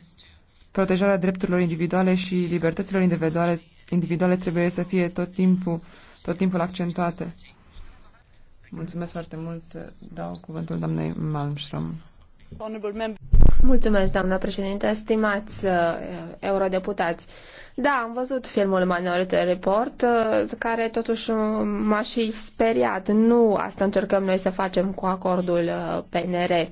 protejarea drepturilor individuale și libertăților individuale, individuale trebuie să fie tot timpul, tot timpul accentuate. Mulțumesc foarte mult. Dau cuvântul doamnei Malmström. Mulțumesc, doamnă președinte, stimați uh, eurodeputați. Da, am văzut filmul Minority Report, uh, care totuși um, m-a și speriat. Nu asta încercăm noi să facem cu acordul uh, PNR.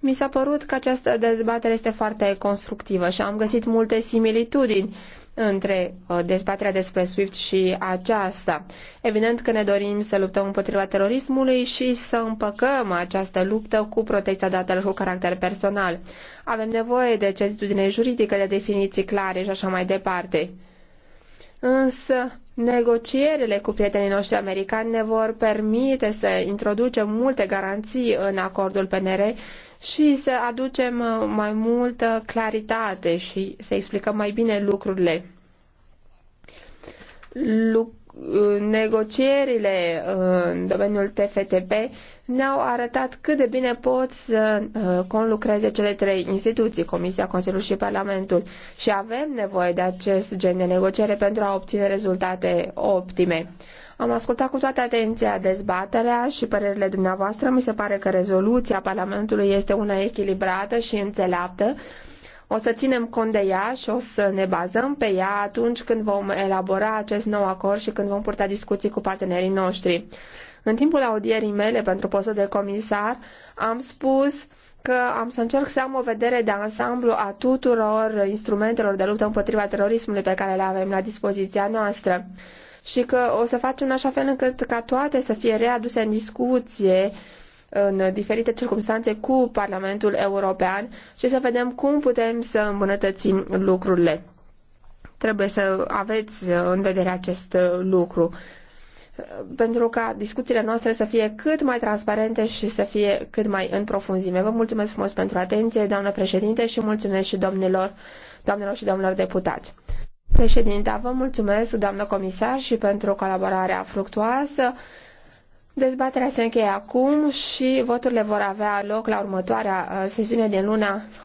Mi s-a părut că această dezbatere este foarte constructivă și am găsit multe similitudini între uh, dezbaterea despre SWIFT și aceasta. Evident că ne dorim să luptăm împotriva terorismului și să împăcăm această luptă cu protecția datelor cu caracter personal. Avem nevoie de certitudine juridică, de definiții clare și așa mai departe însă negocierile cu prietenii noștri americani ne vor permite să introducem multe garanții în acordul PNR și să aducem uh, mai multă claritate și să explicăm mai bine lucrurile negocierile uh, în domeniul TFTP ne-au arătat cât de bine pot să uh, conlucreze cele trei instituții, Comisia, Consiliul și Parlamentul. Și avem nevoie de acest gen de negociere pentru a obține rezultate optime. Am ascultat cu toată atenția dezbaterea și părerile dumneavoastră. Mi se pare că rezoluția Parlamentului este una echilibrată și înțeleaptă o să ținem cont de ea și o să ne bazăm pe ea atunci când vom elabora acest nou acord și când vom purta discuții cu partenerii noștri. În timpul audierii mele pentru postul de comisar am spus că am să încerc să am o vedere de ansamblu a tuturor instrumentelor de luptă împotriva terorismului pe care le avem la dispoziția noastră și că o să facem în așa fel încât ca toate să fie readuse în discuție în diferite circunstanțe cu Parlamentul European și să vedem cum putem să îmbunătățim lucrurile. Trebuie să aveți în vedere acest lucru pentru ca discuțiile noastre să fie cât mai transparente și să fie cât mai în profunzime. Vă mulțumesc frumos pentru atenție, doamnă președinte, și mulțumesc și domnilor, doamnelor și domnilor deputați. Președinta, vă mulțumesc, doamnă comisar, și pentru colaborarea fructuoasă. Dezbaterea se încheie acum și voturile vor avea loc la următoarea uh, sesiune din luna